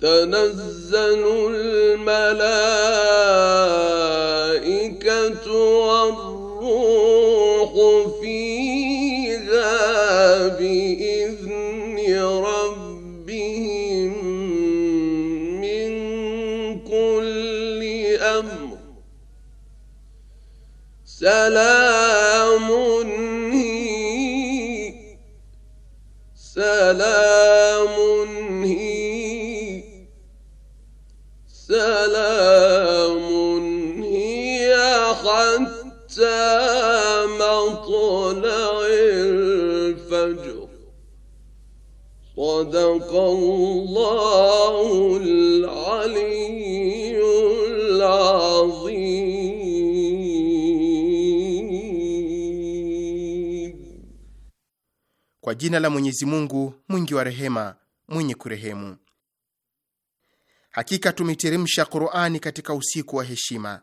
تنزل الملائكة والروح فيها بإذن ربهم من كل أمر سلام Kwa jina la Mwenyezi Mungu mwingi wa rehema mwenye kurehemu. Hakika tumeteremsha Qur'ani katika usiku wa heshima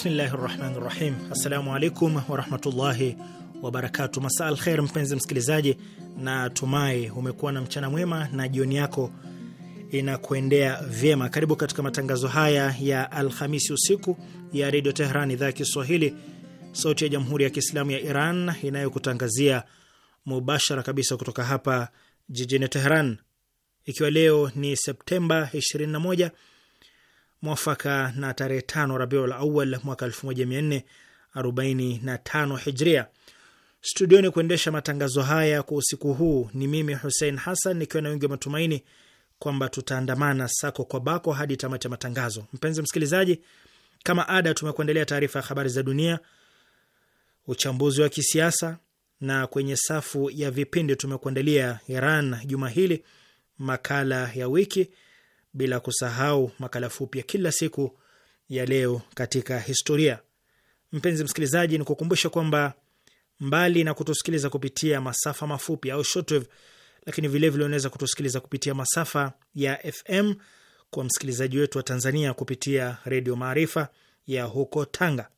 Bismillahi rahmani rahim. Assalamu alaikum warahmatullahi wabarakatu. Masaa al kher, mpenzi msikilizaji, na tumai umekuwa na mchana mwema na jioni yako inakuendea vyema. Karibu katika matangazo haya ya Alhamisi usiku ya Redio Tehran, idhaa ya Kiswahili, sauti ya Jamhuri ya Kiislamu ya Iran inayokutangazia mubashara kabisa kutoka hapa jijini Tehran, ikiwa leo ni Septemba 21 mwafaka na tarehe tano Rabiul Awal mwaka elfu moja mia nne arobaini na tano Hijria. Studioni kuendesha matangazo haya kwa usiku huu ni mimi Husein Hassan, nikiwa na wingi wa matumaini kwamba tutaandamana sako kwa bako hadi tamati ya matangazo. Mpenzi msikilizaji, kama ada, tumekuandalia taarifa ya habari za dunia, uchambuzi wa kisiasa, na kwenye safu ya vipindi tumekuandalia Iran juma hili, makala ya wiki bila kusahau makala fupi ya kila siku ya leo katika historia. Mpenzi msikilizaji, ni kukumbusha kwamba mbali na kutusikiliza kupitia masafa mafupi au shortwave, lakini vilevile unaweza kutusikiliza kupitia masafa ya FM kwa msikilizaji wetu wa Tanzania kupitia Redio Maarifa ya huko Tanga.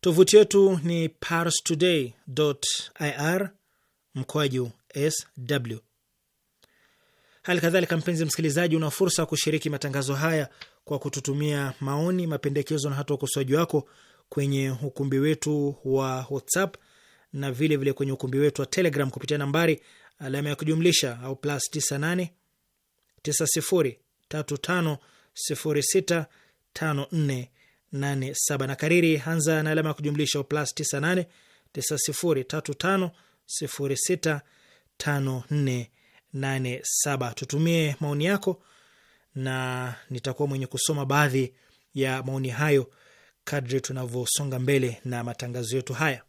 Tovuti yetu ni parstoday.ir mkwaju sw Hali kadhalika, mpenzi msikilizaji, una fursa ya kushiriki matangazo haya kwa kututumia maoni, mapendekezo na hata ukosoaji wako kwenye ukumbi wetu wa WhatsApp na vilevile vile kwenye ukumbi wetu wa Telegram kupitia nambari alama ya kujumlisha au plus 98 na kariri, anza na alama ya kujumlisha au plus 98 87. Tutumie maoni yako na nitakuwa mwenye kusoma baadhi ya maoni hayo kadri tunavyosonga mbele na matangazo yetu haya.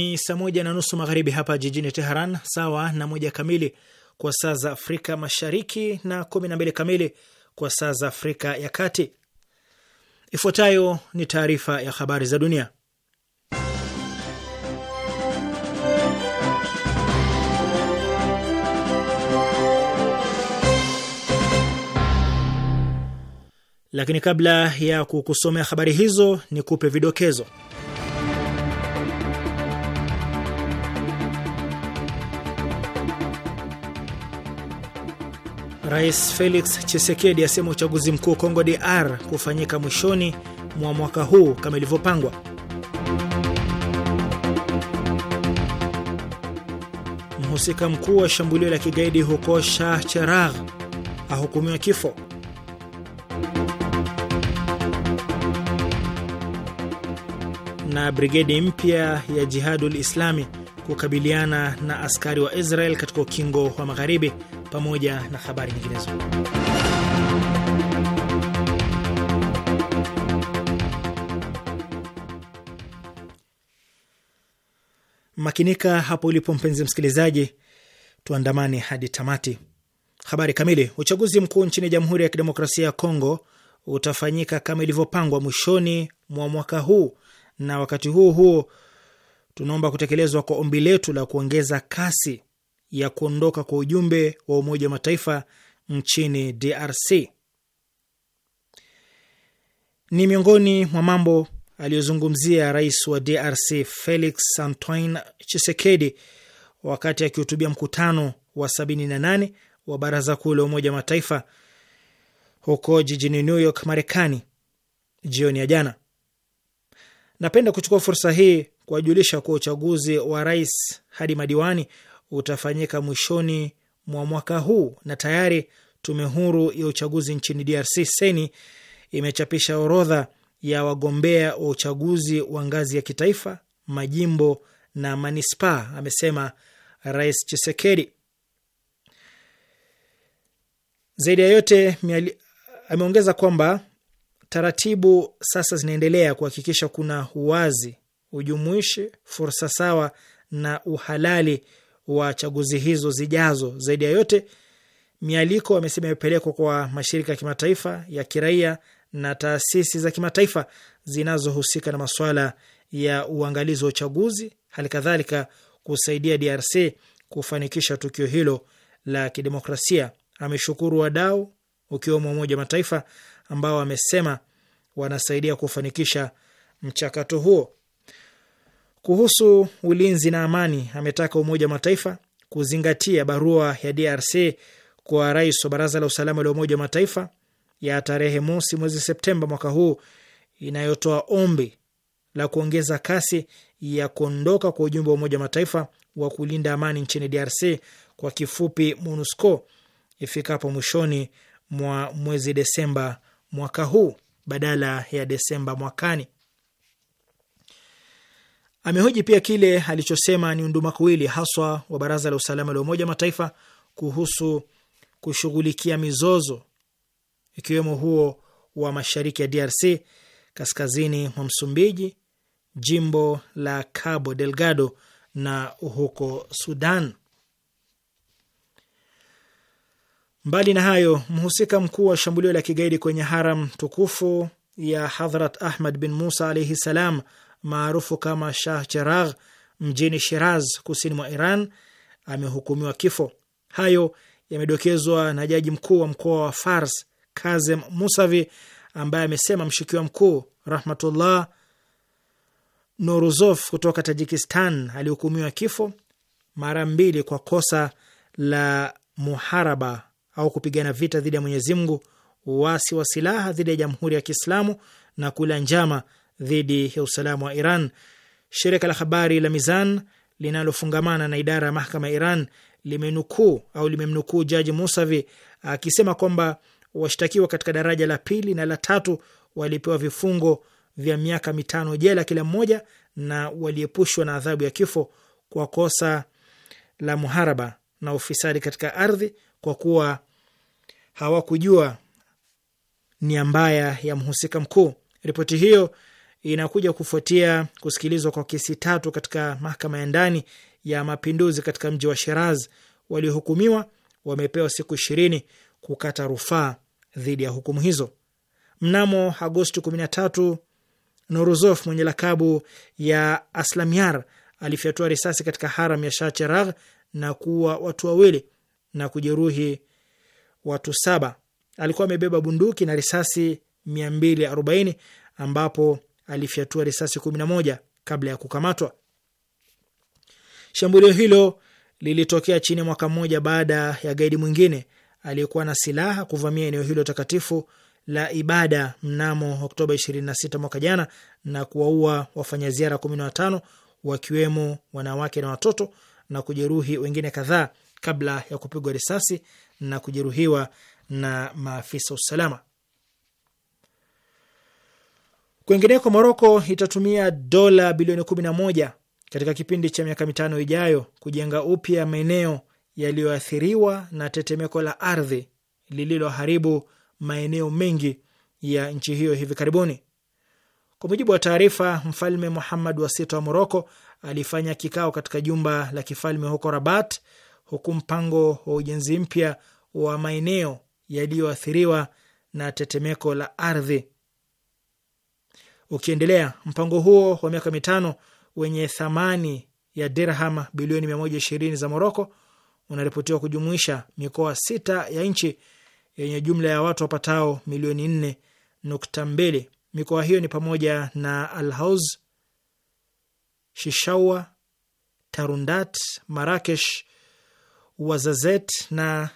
Ni saa moja na nusu magharibi hapa jijini Teheran, sawa na moja kamili kwa saa za Afrika Mashariki na kumi na mbili kamili kwa saa za Afrika ya Kati. Ifuatayo ni taarifa ya habari za dunia, lakini kabla ya kukusomea habari hizo, ni kupe vidokezo Rais Felix Chisekedi asema uchaguzi mkuu Kongo DR kufanyika mwishoni mwa mwaka huu kama ilivyopangwa. Mhusika mkuu wa shambulio la kigaidi huko Shah Cheragh ahukumiwa kifo. Na brigedi mpya ya Jihadul Islami kukabiliana na askari wa Israel katika ukingo wa Magharibi pamoja na habari nyinginezo. Makinika hapo ulipo mpenzi msikilizaji, tuandamane hadi tamati. Habari kamili. Uchaguzi mkuu nchini Jamhuri ya Kidemokrasia ya Kongo utafanyika kama ilivyopangwa mwishoni mwa mwaka huu, na wakati huo huo tunaomba kutekelezwa kwa ombi letu la kuongeza kasi ya kuondoka kwa ujumbe wa Umoja wa Mataifa nchini DRC. Ni miongoni mwa mambo aliyozungumzia rais wa DRC Felix Antoine chisekedi wakati akihutubia mkutano wa 78 wa Baraza Kuu la Umoja wa Mataifa huko jijini New York, Marekani, jioni ya jana. Napenda kuchukua fursa hii kuwajulisha kuwa uchaguzi wa rais hadi madiwani utafanyika mwishoni mwa mwaka huu, na tayari tume huru ya uchaguzi nchini DRC seni imechapisha orodha ya wagombea wa uchaguzi wa ngazi ya kitaifa, majimbo na manispaa, amesema Rais Chisekedi. Zaidi ya yote miali, ameongeza kwamba taratibu sasa zinaendelea kuhakikisha kuna uwazi, ujumuishi, fursa sawa na uhalali wa chaguzi hizo zijazo. Zaidi ya yote, mialiko amesema imepelekwa kwa mashirika ya kimataifa ya kiraia na taasisi za kimataifa zinazohusika na masuala ya uangalizi wa uchaguzi, hali kadhalika kusaidia DRC kufanikisha tukio hilo la kidemokrasia. Ameshukuru wadau ukiwemo Umoja wa Mataifa ambao amesema wanasaidia kufanikisha mchakato huo. Kuhusu ulinzi na amani, ametaka Umoja wa Mataifa kuzingatia barua ya DRC kwa rais wa Baraza la Usalama la Umoja wa Mataifa ya tarehe mosi mwezi Septemba mwaka huu inayotoa ombi la kuongeza kasi ya kuondoka kwa ujumbe wa Umoja wa Mataifa wa kulinda amani nchini DRC kwa kifupi MONUSCO ifikapo mwishoni mwa mwezi Desemba mwaka huu badala ya Desemba mwakani. Amehoji pia kile alichosema ni undumakuwili haswa wa Baraza la Usalama la Umoja Mataifa kuhusu kushughulikia mizozo ikiwemo huo wa mashariki ya DRC kaskazini mwa Msumbiji, jimbo la Cabo Delgado na huko Sudan. Mbali na hayo, mhusika mkuu wa shambulio la kigaidi kwenye haram tukufu ya Hadhrat Ahmad bin Musa alaihi salam maarufu kama Shah Cheragh mjini Shiraz, kusini mwa Iran, amehukumiwa kifo. Hayo yamedokezwa na jaji mkuu wa mkoa wa Fars, Kazem Musavi, ambaye amesema mshukiwa mkuu Rahmatullah Noruzof kutoka Tajikistan alihukumiwa kifo mara mbili kwa kosa la muharaba au kupigana vita dhidi ya Mwenyezi Mungu, uasi wa silaha dhidi ya Jamhuri ya Kiislamu na kula njama dhidi ya usalama wa Iran. Shirika la habari la Mizan linalofungamana na idara ya mahakama ya Iran limenukuu au limemnukuu Jaji Musavi akisema kwamba washtakiwa katika daraja la pili na la tatu walipewa vifungo vya miaka mitano jela kila mmoja na waliepushwa na adhabu ya kifo kwa kosa la muharaba na ufisadi katika ardhi kwa kuwa hawakujua ni mbaya ya mhusika mkuu. Ripoti hiyo inakuja kufuatia kusikilizwa kwa kesi tatu katika mahakama ya ndani ya mapinduzi katika mji wa Shiraz. Waliohukumiwa wamepewa siku ishirini kukata rufaa dhidi ya hukumu hizo. Mnamo Agosti 13, Noruzof mwenye lakabu ya Aslamyar alifyatua risasi katika haram ya Shah Cheragh na kuua watu wawili na kujeruhi watu saba. Alikuwa amebeba bunduki na risasi 240 ambapo alifyatua risasi 11 kabla ya kukamatwa. Shambulio hilo lilitokea chini ya mwaka mmoja baada ya gaidi mwingine aliyekuwa na silaha kuvamia eneo hilo takatifu la ibada mnamo Oktoba 26 mwaka jana na kuwaua wafanyaziara 15 wakiwemo wanawake na watoto na kujeruhi wengine kadhaa kabla ya kupigwa risasi na kujeruhiwa na maafisa usalama. Kwingineko, Moroko itatumia dola bilioni 11 katika kipindi cha miaka mitano ijayo kujenga upya maeneo yaliyoathiriwa na tetemeko la ardhi lililoharibu maeneo mengi ya nchi hiyo hivi karibuni. Kwa mujibu wa taarifa, Mfalme Muhammad wa Sita wa Moroko alifanya kikao katika jumba la kifalme huko Rabat, huku mpango wa ujenzi mpya wa maeneo yaliyoathiriwa na tetemeko la ardhi ukiendelea. Mpango huo wa miaka mitano wenye thamani ya dirham bilioni mia moja ishirini za Moroko unaripotiwa kujumuisha mikoa sita ya nchi yenye jumla ya watu wapatao milioni nne nukta mbili. Mikoa hiyo ni pamoja na Alhaus, Shishaua, Tarundat, Marakesh, Wazazet na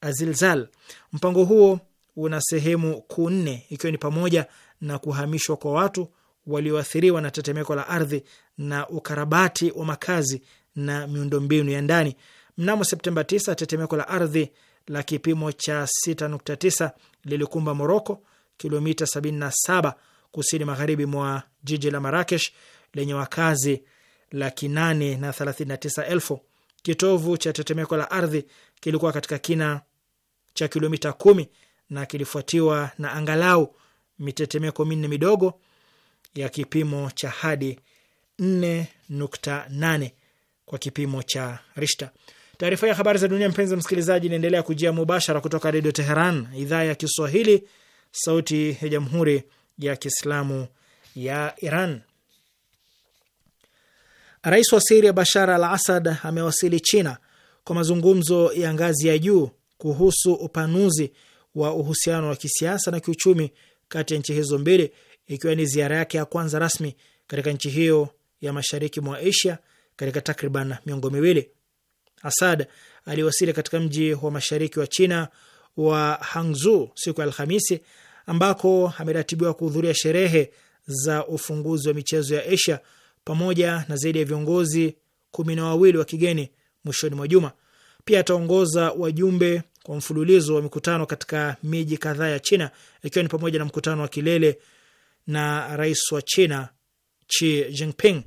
Azilzal. Mpango huo una sehemu kuu nne, ikiwa ni pamoja na kuhamishwa kwa watu walioathiriwa na tetemeko la ardhi na ukarabati wa makazi na miundombinu ya ndani. Mnamo Septemba 9 tetemeko la ardhi la kipimo cha 6.9 lilikumba Moroko, kilomita 77 kusini magharibi mwa jiji la Marakesh lenye wakazi laki nane na thelathini na tisa elfu. Kitovu cha tetemeko la ardhi kilikuwa katika kina cha kilomita kumi na kilifuatiwa na angalau mitetemeko minne midogo ya kipimo cha hadi 4.8 kwa kipimo cha Richter. Taarifa ya habari za dunia, mpenzi msikilizaji, inaendelea kujia mubashara kutoka Redio Teheran, idhaa ya Kiswahili, sauti ya Jamhuri ya Kiislamu ya Iran. Rais wa Siria Bashar al Asad amewasili China kwa mazungumzo ya ngazi ya juu kuhusu upanuzi wa uhusiano wa kisiasa na kiuchumi kati ya nchi hizo mbili, ikiwa ni ziara yake ya kwanza rasmi katika nchi hiyo ya mashariki mwa Asia katika takriban miongo miwili. Asad aliwasili katika mji wa mashariki wa China wa Hangzhou siku ya Alhamisi, ambako ameratibiwa kuhudhuria sherehe za ufunguzi wa michezo ya Asia pamoja na zaidi ya viongozi kumi na wawili wa kigeni mwishoni mwa juma. Pia ataongoza wajumbe kwa mfululizo wa mikutano katika miji kadhaa ya China ikiwa ni pamoja na mkutano wa kilele na rais wa China Xi Jinping.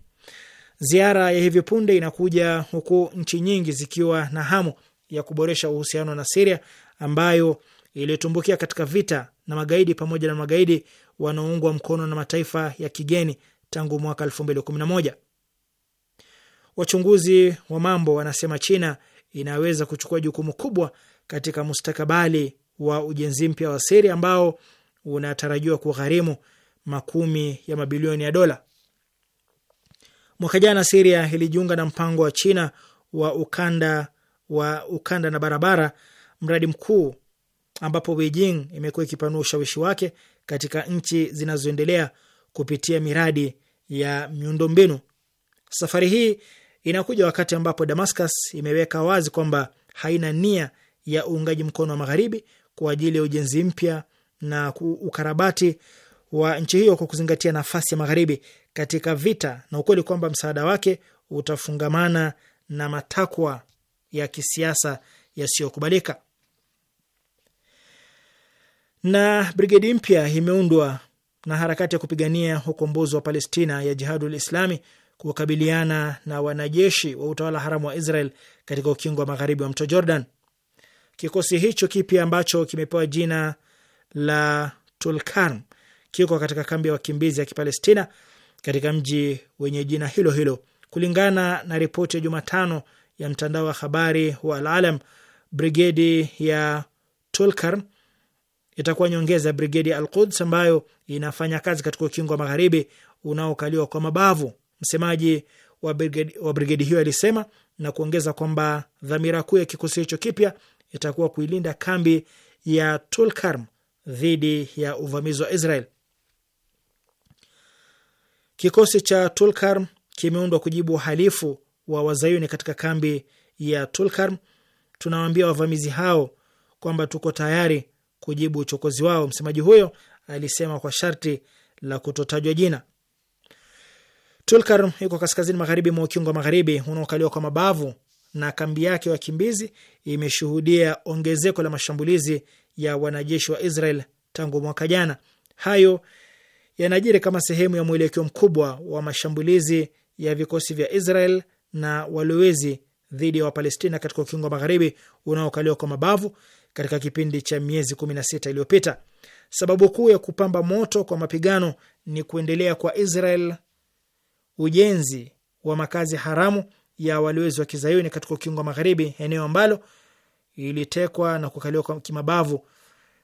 Ziara ya hivi punde inakuja huku nchi nyingi zikiwa na hamu ya kuboresha uhusiano na Siria ambayo ilitumbukia katika vita na magaidi pamoja na magaidi wanaoungwa mkono na mataifa ya kigeni tangu mwaka moja. Wachunguzi wa mambo wanasema China inaweza kuchukua jukumu kubwa katika mustakabali wa ujenzi mpya wa siri ambao unatarajiwa kugharimu makumi ya mabilioni ya dola. Mwaka jana Siria ilijiunga na mpango wa China wa ukanda wa ukanda na barabara, mradi mkuu ambapo Beijing imekuwa ikipanua ushawishi wake katika nchi zinazoendelea kupitia miradi ya miundombinu. Safari hii inakuja wakati ambapo Damascus imeweka wazi kwamba haina nia ya uungaji mkono wa magharibi kwa ajili ya ujenzi mpya na ukarabati wa nchi hiyo kwa kuzingatia nafasi ya magharibi katika vita na ukweli kwamba msaada wake utafungamana na matakwa ya kisiasa yasiyokubalika. Na brigedi mpya imeundwa na harakati ya kupigania ukombozi wa Palestina ya Jihadul Islami kukabiliana na wanajeshi wa utawala haramu wa Israel katika ukingo wa magharibi wa mto Jordan. Kikosi hicho kipya ambacho kimepewa jina la Tulkarm kiko katika kambi ya wakimbizi ya Kipalestina katika mji wenye jina hilo hilo. Kulingana na ripoti ya Jumatano ya mtandao wa habari wa Alalam, brigedi ya Tulkarm itakuwa nyongeza brigedi ya Al Quds ambayo inafanya kazi katika ukingo wa magharibi unaokaliwa kwa mabavu. Msemaji wa brigedi, wa brigedi hiyo alisema na kuongeza kwamba dhamira kuu ya kikosi hicho kipya itakuwa kuilinda kambi ya Tulkarm dhidi ya uvamizi wa Israel. Kikosi cha Tulkarm kimeundwa kujibu uhalifu wa wazayuni katika kambi ya Tulkarm. Tunawaambia wavamizi hao kwamba tuko tayari kujibu uchokozi wao, msemaji huyo alisema kwa sharti la kutotajwa jina. Tulkarm iko kaskazini magharibi mwa ukingo wa magharibi unaokaliwa kwa mabavu na kambi yake wakimbizi imeshuhudia ongezeko la mashambulizi ya wanajeshi wa Israel tangu mwaka jana. Hayo yanajiri kama sehemu ya mwelekeo mkubwa wa mashambulizi ya vikosi vya Israel na walowezi dhidi ya Wapalestina katika ukingo wa magharibi unaokaliwa kwa mabavu katika kipindi cha miezi 16 iliyopita. Sababu kuu ya kupamba moto kwa mapigano ni kuendelea kwa Israel ujenzi wa makazi haramu ya walowezi wa kizayuni katika ukingo wa magharibi, eneo ambalo ilitekwa na kukaliwa kwa kimabavu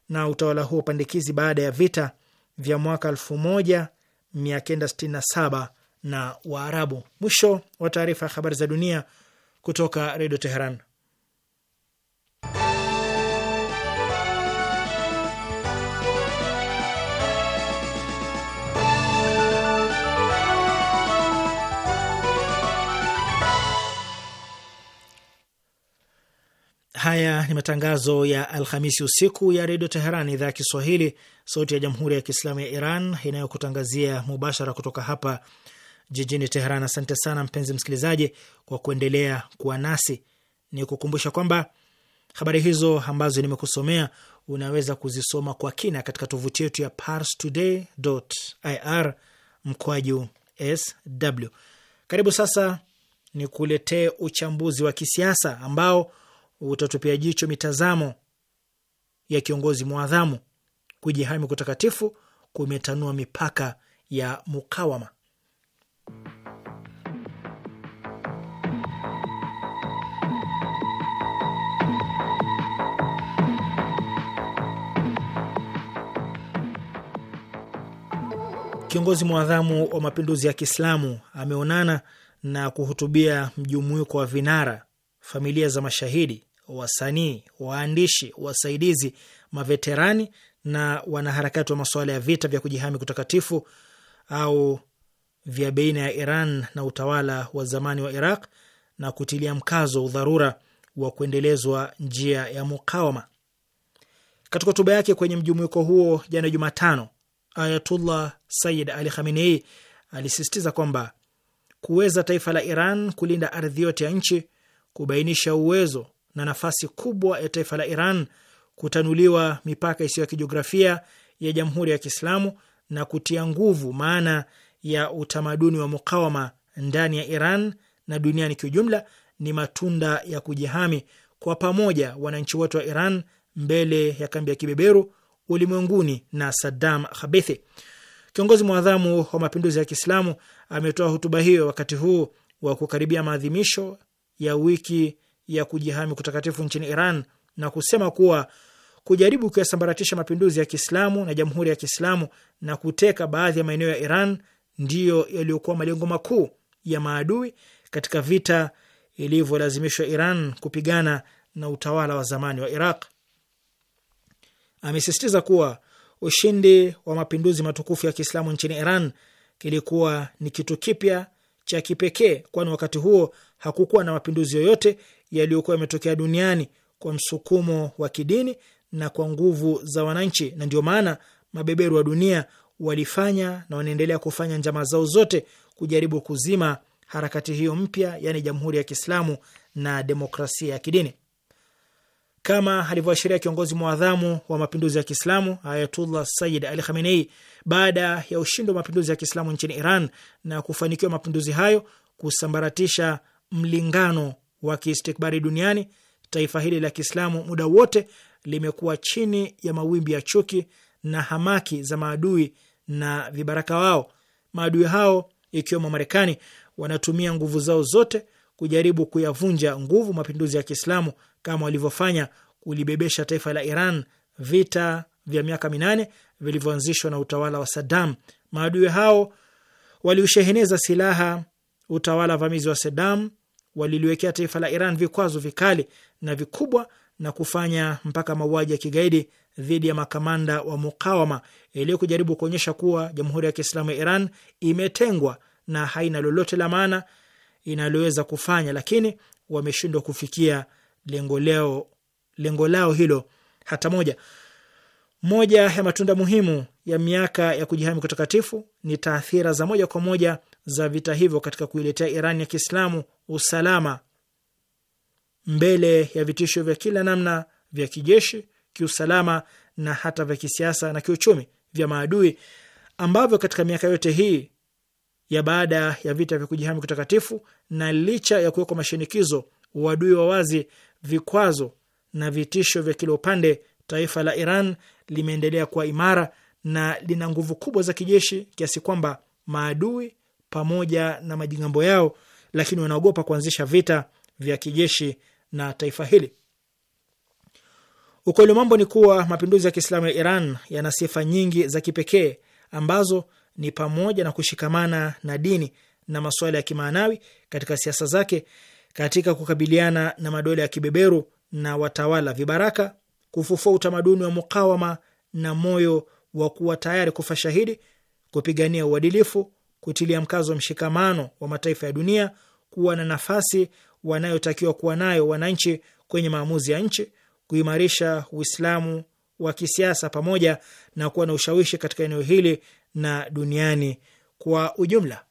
na utawala huo pandikizi baada ya vita vya mwaka 1967 na Waarabu. Mwisho wa taarifa ya habari za dunia kutoka Redio Teheran. Haya ni matangazo ya Alhamisi usiku ya Redio Teheran, idhaa ya Kiswahili, sauti ya Jamhuri ya Kiislamu ya Iran inayokutangazia mubashara kutoka hapa jijini Teheran. Asante sana mpenzi msikilizaji kwa kuendelea kuwa nasi. Ni kukumbusha kwamba habari hizo ambazo nimekusomea unaweza kuzisoma kwa kina katika tovuti yetu ya parstoday.ir mkwaju sw. Karibu sasa ni kuletee uchambuzi wa kisiasa ambao utatupia jicho mitazamo ya kiongozi mwadhamu. Kujihami kutakatifu kumetanua mipaka ya mukawama. Kiongozi mwadhamu wa mapinduzi ya Kiislamu ameonana na kuhutubia mjumuiko wa vinara familia za mashahidi, wasanii, waandishi, wasaidizi, maveterani na wanaharakati wa masuala ya vita vya kujihami kutakatifu au vya baina ya Iran na utawala wa zamani wa Iraq na kutilia mkazo udharura wa kuendelezwa njia ya mukawama. Katika hotuba yake kwenye mjumuiko huo jana Jumatano, Ayatullah Sayyid Ali Khamenei alisisitiza kwamba kuweza taifa la Iran kulinda ardhi yote ya nchi kubainisha uwezo na nafasi kubwa ya taifa la Iran kutanuliwa mipaka isiyo ya kijiografia ya Jamhuri ya Kiislamu na kutia nguvu maana ya utamaduni wa mukawama ndani ya Iran na duniani kiujumla ni matunda ya kujihami kwa pamoja wananchi wote wa Iran mbele ya kambi ya kibeberu ulimwenguni na Saddam Khabithi. Kiongozi mwadhamu wa mapinduzi ya Kiislamu ametoa hotuba hiyo wakati huu wa kukaribia maadhimisho ya wiki ya kujihami kutakatifu nchini Iran na kusema kuwa kujaribu kuyasambaratisha mapinduzi ya Kiislamu na Jamhuri ya Kiislamu na kuteka baadhi ya maeneo ya Iran ndiyo yaliyokuwa malengo makuu ya maadui katika vita ilivyolazimishwa Iran kupigana na utawala wa zamani wa Iraq. Amesisitiza kuwa ushindi wa mapinduzi matukufu ya Kiislamu nchini Iran kilikuwa ni kitu kipya cha kipekee, kwani wakati huo hakukuwa na mapinduzi yoyote yaliyokuwa yametokea duniani kwa msukumo wa kidini na kwa nguvu za wananchi, na ndio maana mabeberu wa dunia walifanya na wanaendelea kufanya njama zao zote kujaribu kuzima harakati hiyo mpya, yaani Jamhuri ya Kiislamu na demokrasia ya kidini kama alivyoashiria kiongozi mwadhamu wa mapinduzi ya Kiislamu Ayatullah Sayyid Ali Khamenei baada ya ushindi wa mapinduzi ya Kiislamu nchini Iran na kufanikiwa mapinduzi hayo kusambaratisha mlingano wa kiistikbari duniani, taifa hili la Kiislamu muda wote limekuwa chini ya mawimbi ya chuki na hamaki za maadui na vibaraka wao. Maadui hao ikiwemo Marekani wanatumia nguvu zao zote kujaribu kuyavunja nguvu mapinduzi ya Kiislamu kama walivyofanya kulibebesha taifa la Iran vita vya miaka minane vilivyoanzishwa na utawala wa Saddam. Maadui hao waliusheheneza silaha utawala vamizi wa Saddam, waliliwekea taifa la Iran vikwazo vikali na vikubwa na kufanya mpaka mauaji ya kigaidi dhidi ya makamanda wa mukawama ili kujaribu kuonyesha kuwa Jamhuri ya Kiislamu ya Iran imetengwa na haina lolote la maana inaloweza kufanya, lakini wameshindwa kufikia lengo leo, lengo lao hilo hata moja. Moja ya matunda muhimu ya miaka ya kujihami kutakatifu ni taathira za moja kwa moja za vita hivyo katika kuiletea Iran ya Kiislamu usalama mbele ya vitisho vya kila namna vya kijeshi, kiusalama na hata vya kisiasa na kiuchumi vya maadui ambavyo katika miaka yote hii ya baada ya vita vya kujihami kutakatifu na licha ya kuwekwa mashinikizo uadui wa wazi, vikwazo na vitisho vya kila upande, taifa la Iran limeendelea kuwa imara na lina nguvu kubwa za kijeshi kiasi kwamba maadui pamoja na majigambo yao, lakini wanaogopa kuanzisha vita vya kijeshi na taifa hili. Ukweli wa mambo ni kuwa mapinduzi ya Kiislamu ya Iran yana sifa nyingi za kipekee ambazo ni pamoja na kushikamana na dini na masuala ya kimaanawi katika siasa zake katika kukabiliana na madola ya kibeberu na watawala vibaraka, kufufua utamaduni wa mukawama na moyo wa kuwa tayari kufa shahidi, kupigania uadilifu, kutilia mkazo wa mshikamano wa mataifa ya dunia, kuwa na nafasi wanayotakiwa kuwa nayo wananchi kwenye maamuzi ya nchi, kuimarisha Uislamu wa kisiasa pamoja na kuwa na ushawishi katika eneo hili na duniani kwa ujumla.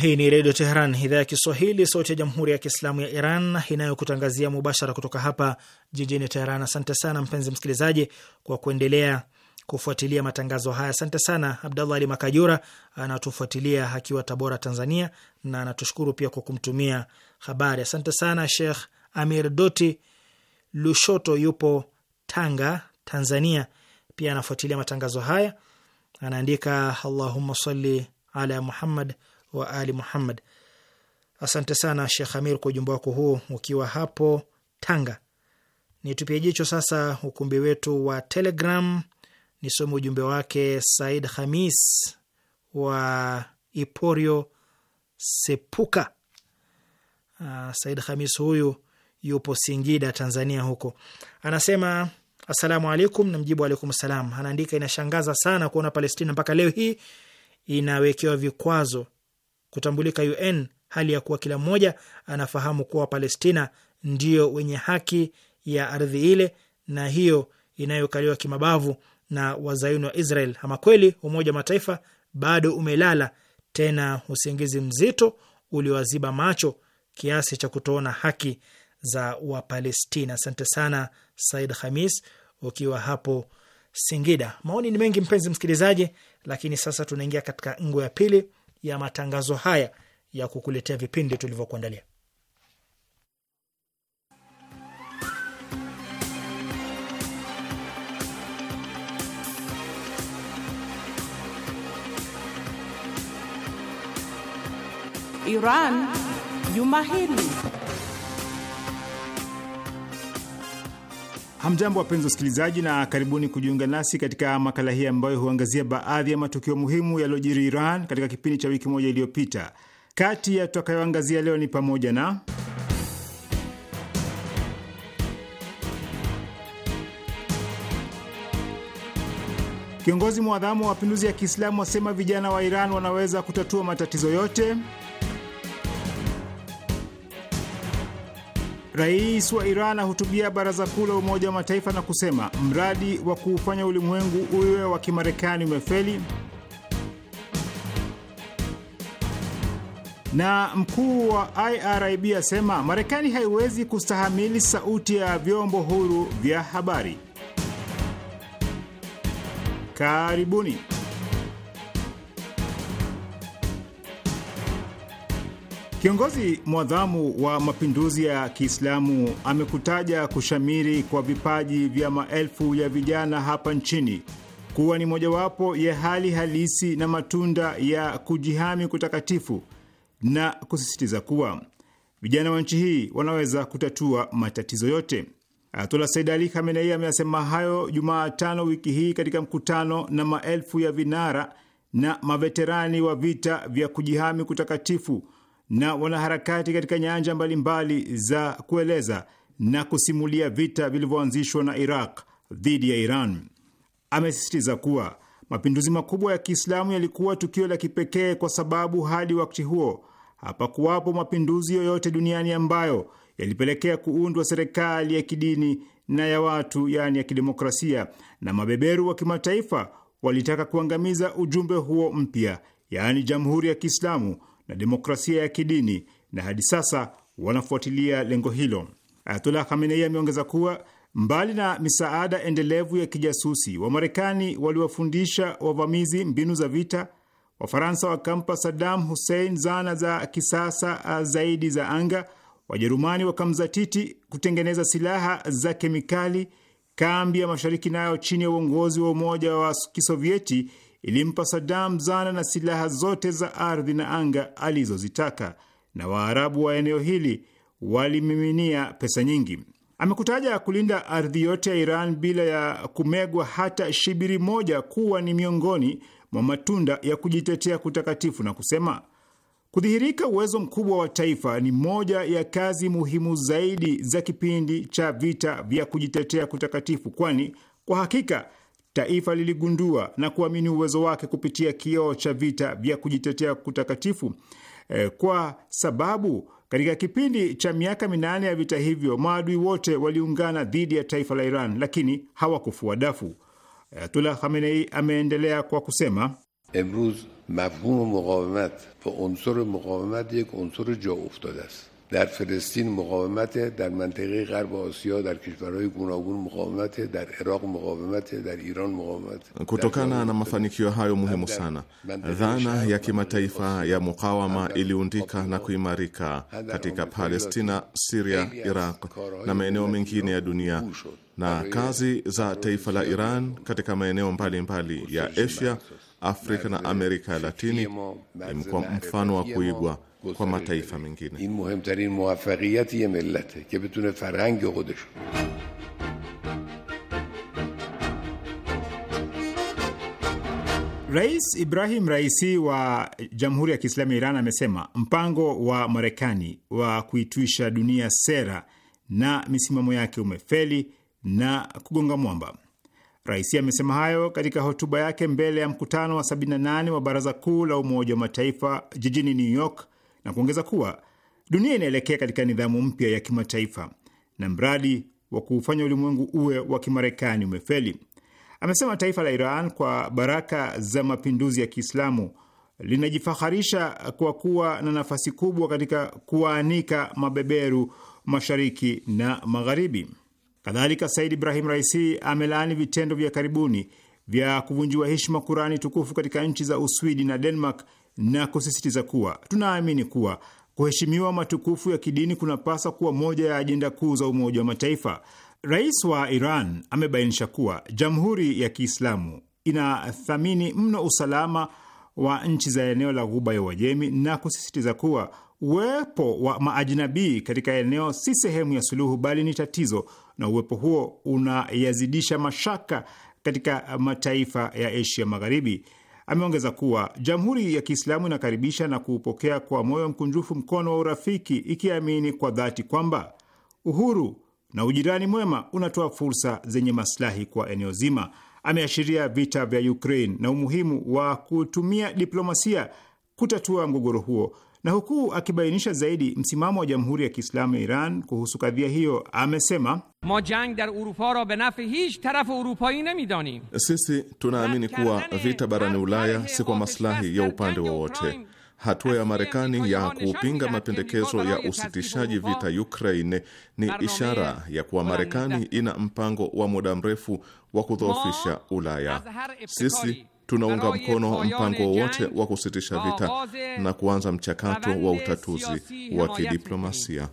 Hii ni Redio Teheran, idhaa ya Kiswahili, sauti ya Jamhuri ya Kiislamu ya Iran inayokutangazia mubashara kutoka hapa jijini Teheran. Asante sana mpenzi msikilizaji kwa kuendelea kufuatilia matangazo haya. Asante sana Abdallah Ali Makajura anatufuatilia akiwa Tabora, Tanzania, na anatushukuru pia kwa kumtumia habari. Asante sana Sheikh Amir Doti Lushoto, yupo Tanga, Tanzania, pia anafuatilia matangazo haya, anaandika allahumma salli ala Muhammad wa Ali Muhammad. Asante sana Shekh Amir kwa ujumbe wako huo, ukiwa hapo Tanga. Nitupie jicho sasa ukumbi wetu wa Telegram, nisome ujumbe wake Said Hamis wa Iporio Sepuka. Uh, Said Hamis huyu yupo Singida, Tanzania huko, anasema assalamu alaikum, mjibu alaikum salam. Anaandika, inashangaza sana kuona Palestina mpaka leo hii inawekewa vikwazo kutambulika UN, hali ya kuwa kila mmoja anafahamu kuwa Palestina ndio wenye haki ya ardhi ile na hiyo inayokaliwa kimabavu na wazayuni wa Israel. Ama kweli Umoja wa Mataifa bado umelala tena usingizi mzito uliowaziba macho kiasi cha kutoona haki za Wapalestina. Asante sana Said Hamis, ukiwa hapo Singida. Maoni ni mengi mpenzi msikilizaji, lakini sasa tunaingia katika ngo ya pili ya matangazo haya ya kukuletea vipindi tulivyokuandalia. Iran Juma hili Hamjambo, wapenzi wasikilizaji, na karibuni kujiunga nasi katika makala hii ambayo huangazia baadhi ya matukio muhimu yaliyojiri Iran katika kipindi cha wiki moja iliyopita. Kati ya tutakayoangazia leo ni pamoja na kiongozi mwadhamu wa mapinduzi ya Kiislamu wasema vijana wa Iran wanaweza kutatua matatizo yote Rais wa Iran ahutubia baraza kuu la Umoja wa Mataifa na kusema mradi wa kuufanya ulimwengu uwe wa kimarekani umefeli. Na mkuu wa IRIB asema Marekani haiwezi kustahamili sauti ya vyombo huru vya habari. Karibuni. Kiongozi mwadhamu wa mapinduzi ya Kiislamu amekutaja kushamiri kwa vipaji vya maelfu ya vijana hapa nchini kuwa ni mojawapo ya hali halisi na matunda ya kujihami kutakatifu na kusisitiza kuwa vijana wa nchi hii wanaweza kutatua matatizo yote. Ayatollah Said Ali Khamenei ameyasema hayo Jumatano wiki hii katika mkutano na maelfu ya vinara na maveterani wa vita vya kujihami kutakatifu na wanaharakati katika nyanja mbalimbali za kueleza na kusimulia vita vilivyoanzishwa na Iraq dhidi ya Iran. Amesisitiza kuwa mapinduzi makubwa ya Kiislamu yalikuwa tukio la kipekee kwa sababu hadi wakati huo hapakuwapo mapinduzi yoyote duniani ambayo yalipelekea kuundwa serikali ya kidini na ya watu, yaani ya kidemokrasia, na mabeberu wa kimataifa walitaka kuangamiza ujumbe huo mpya, yaani jamhuri ya Kiislamu na demokrasia ya kidini, na hadi sasa wanafuatilia lengo hilo. Ayatullah Khamenei ameongeza kuwa mbali na misaada endelevu ya kijasusi, Wamarekani waliwafundisha wavamizi mbinu za vita. Wafaransa wakampa Saddam Hussein zana za kisasa zaidi za anga. Wajerumani wakamzatiti kutengeneza silaha za kemikali. Kambi ya mashariki nayo chini ya uongozi wa Umoja wa Kisovieti ilimpa Sadam zana na silaha zote za ardhi na anga alizozitaka, na Waarabu wa eneo hili walimiminia pesa nyingi. Amekutaja kulinda ardhi yote ya Iran bila ya kumegwa hata shibiri moja kuwa ni miongoni mwa matunda ya kujitetea kutakatifu na kusema kudhihirika uwezo mkubwa wa taifa ni moja ya kazi muhimu zaidi za kipindi cha vita vya kujitetea kutakatifu, kwani kwa hakika taifa liligundua na kuamini uwezo wake kupitia kioo cha vita vya kujitetea kutakatifu e, kwa sababu katika kipindi cha miaka minane ya vita hivyo maadui wote waliungana dhidi ya taifa la Iran, lakini hawakufua dafu. Ayatullah Khamenei ameendelea kwa kusema emruz mafhumu muqawamat wa unsur muqawamat yek unsur jo uftade در فلسطین مقاومت در منطقه غرب آسیا در کشورهای گوناگون مقاومت در عراق مقاومت در ایران مقاومت kutokana na mafanikio hayo muhimu sana dhana ya kimataifa ya mukawama iliundika na kuimarika katika Palestina, Siria, Iraq na maeneo mengine ya dunia na kazi za taifa la Iran katika maeneo mbalimbali ya Asia, Afrika na Amerika ya Latini imekuwa mfano wa kuigwa kwa mataifa mengine. Rais Ibrahim Raisi wa Jamhuri ya Kiislamu ya Iran amesema mpango wa Marekani wa kuitwisha dunia sera na misimamo yake umefeli na kugonga mwamba. Raisi amesema hayo katika hotuba yake mbele ya mkutano wa 78 wa Baraza Kuu la Umoja wa Mataifa jijini New York na kuongeza kuwa dunia inaelekea katika nidhamu mpya ya kimataifa na mradi wa kuufanya ulimwengu uwe wa kimarekani umefeli. Amesema taifa la Iran kwa baraka za mapinduzi ya Kiislamu linajifaharisha kwa kuwa na nafasi kubwa katika kuwaanika mabeberu mashariki na magharibi. Kadhalika, Said Ibrahim Raisi amelaani vitendo vya karibuni vya kuvunjiwa heshima Kurani tukufu katika nchi za Uswidi na Denmark na kusisitiza kuwa tunaamini kuwa kuheshimiwa matukufu ya kidini kunapaswa kuwa moja ya ajenda kuu za Umoja wa Mataifa. Rais wa Iran amebainisha kuwa Jamhuri ya Kiislamu inathamini mno usalama wa nchi za eneo la Ghuba ya Uajemi na kusisitiza kuwa uwepo wa maajinabii katika eneo si sehemu ya suluhu, bali ni tatizo, na uwepo huo unayazidisha mashaka katika mataifa ya Asia Magharibi. Ameongeza kuwa Jamhuri ya Kiislamu inakaribisha na kuupokea kwa moyo mkunjufu mkono wa urafiki, ikiamini kwa dhati kwamba uhuru na ujirani mwema unatoa fursa zenye maslahi kwa eneo zima. Ameashiria vita vya Ukraine na umuhimu wa kutumia diplomasia kutatua mgogoro huo na huku akibainisha zaidi msimamo wa Jamhuri ya Kiislamu ya Iran kuhusu kadhia hiyo, amesema sisi tunaamini kuwa vita barani Ulaya si kwa maslahi ya upande wowote. Hatua ya Marekani ya kupinga mapendekezo ya usitishaji vita Ukraine ni ishara ya kuwa Marekani ina mpango wa muda mrefu wa kudhoofisha Ulaya. Sisi Tunaunga mkono mpango wowote wa kusitisha vita na kuanza mchakato wa utatuzi wa kidiplomasia.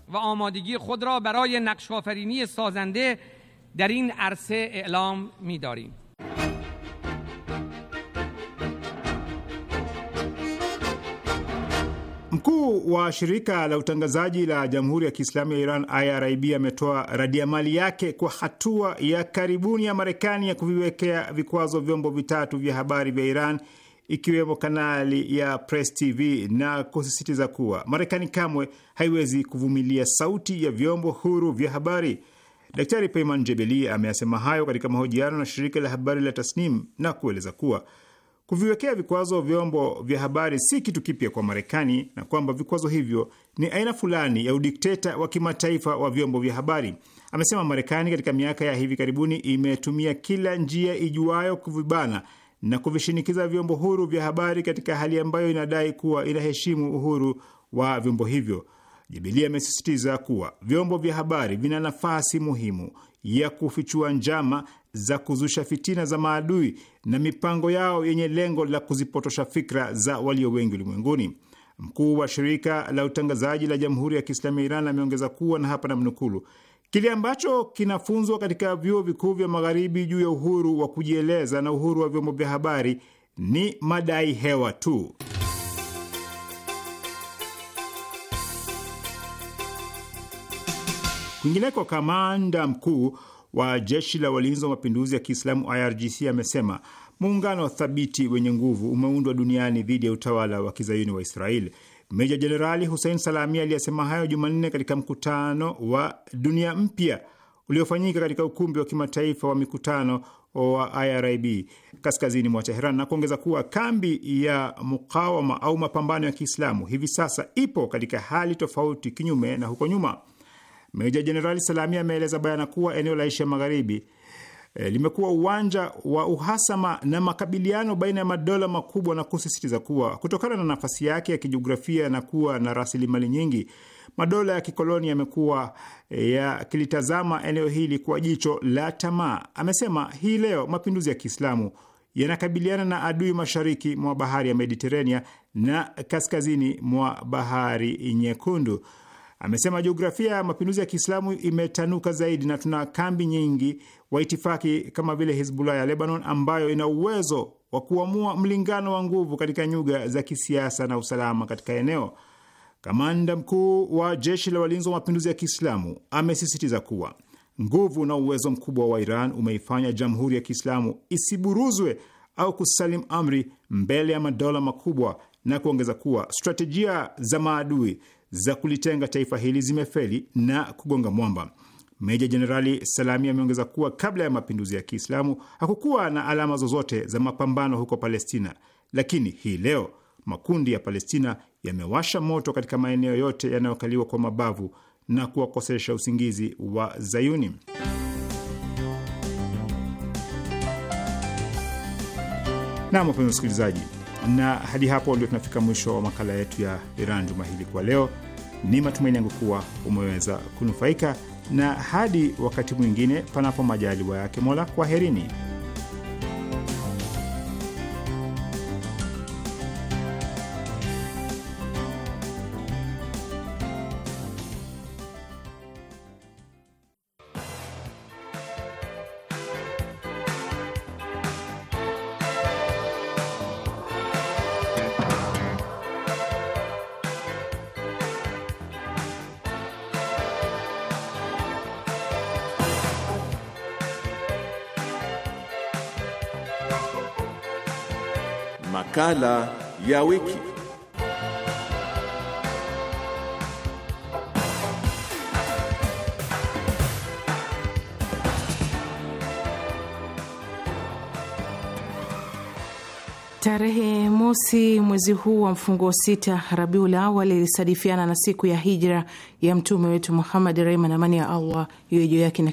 Mkuu wa shirika la utangazaji la Jamhuri ya Kiislamu ya Iran IRIB ametoa radiamali yake kwa hatua ya karibuni ya Marekani ya kuviwekea vikwazo vyombo vitatu vya habari vya Iran ikiwemo kanali ya Press TV na kusisitiza kuwa Marekani kamwe haiwezi kuvumilia sauti ya vyombo huru vya habari. Daktari Peyman Jebeli ameyasema hayo katika mahojiano na shirika la habari la Tasnim na kueleza kuwa Kuviwekea vikwazo vyombo vya habari si kitu kipya kwa Marekani na kwamba vikwazo hivyo ni aina fulani ya udikteta wa kimataifa wa vyombo vya habari. Amesema Marekani katika miaka ya hivi karibuni imetumia kila njia ijuayo kuvibana na kuvishinikiza vyombo huru vya habari katika hali ambayo inadai kuwa inaheshimu uhuru wa vyombo hivyo. Jubilia amesisitiza kuwa vyombo vya habari vina nafasi muhimu ya kufichua njama za kuzusha fitina za maadui na mipango yao yenye lengo la kuzipotosha fikra za walio wengi ulimwenguni. Mkuu wa shirika la utangazaji la Jamhuri ya Kiislamu ya Iran ameongeza kuwa, na hapa namnukulu, kile ambacho kinafunzwa katika vyuo vikuu vya Magharibi juu ya uhuru wa kujieleza na uhuru wa vyombo vya habari ni madai hewa tu. Kwingineko, kamanda mkuu wa jeshi la walinzi wa mapinduzi ya Kiislamu IRGC amesema muungano thabiti wenye nguvu umeundwa duniani dhidi ya utawala wa kizayuni wa Israeli. Meja Jenerali Hussein Salami aliyesema hayo Jumanne katika mkutano wa dunia mpya uliofanyika katika ukumbi wa kimataifa wa mikutano wa IRIB kaskazini mwa Teheran na kuongeza kuwa kambi ya mukawama au mapambano ya Kiislamu hivi sasa ipo katika hali tofauti kinyume na huko nyuma. Meja Jenerali Salami ameeleza bayana kuwa eneo la Asia Magharibi e, limekuwa uwanja wa uhasama na makabiliano baina ya madola makubwa na kusisitiza kuwa kutokana na nafasi yake ya kijiografia na kuwa na rasilimali nyingi madola ya kikoloni yamekuwa e, yakilitazama eneo hili kwa jicho la tamaa. Amesema hii leo mapinduzi ya Kiislamu yanakabiliana na adui mashariki mwa bahari ya Mediterania na kaskazini mwa bahari Nyekundu. Amesema jiografia ya mapinduzi ya Kiislamu imetanuka zaidi na tuna kambi nyingi wa itifaki kama vile Hizbullah ya Lebanon ambayo ina uwezo wa kuamua mlingano wa nguvu katika nyuga za kisiasa na usalama katika eneo. Kamanda mkuu wa jeshi la walinzi wa mapinduzi ya Kiislamu amesisitiza kuwa nguvu na uwezo mkubwa wa Iran umeifanya jamhuri ya Kiislamu isiburuzwe au kusalim amri mbele ya madola makubwa na kuongeza kuwa stratejia za maadui za kulitenga taifa hili zimefeli na kugonga mwamba. Meja Jenerali Salami ameongeza kuwa kabla ya mapinduzi ya Kiislamu hakukuwa na alama zozote za mapambano huko Palestina, lakini hii leo makundi ya Palestina yamewasha moto katika maeneo yote yanayokaliwa kwa mabavu na kuwakosesha usingizi wa Zayuni. Nam, wapenzi wasikilizaji na hadi hapo ndio tunafika mwisho wa makala yetu ya Iran juma hili kwa leo. Ni matumaini yangu kuwa umeweza kunufaika, na hadi wakati mwingine, panapo majaliwa yake Mola, kwaherini. Makala ya wiki. Tarehe mosi mwezi huu wa mfungo sita Rabiul Awal ilisadifiana na siku ya hijra ya mtume wetu Muhammad, rehma na amani ya Allah iwe juu yake na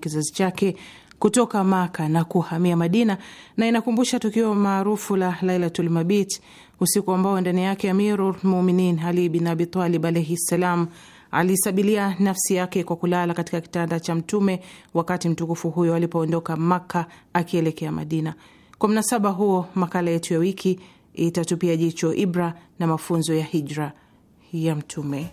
kizazi chake kutoka Maka na kuhamia Madina, na inakumbusha tukio maarufu la Lailatul Mabit, usiku ambao ndani yake Amirul Muminin Ali bin Abitalib alaihi ssalam alisabilia nafsi yake kwa kulala katika kitanda cha Mtume wakati mtukufu huyo alipoondoka Makka akielekea Madina. Kwa mnasaba huo, makala yetu ya wiki itatupia jicho ibra na mafunzo ya hijra ya Mtume.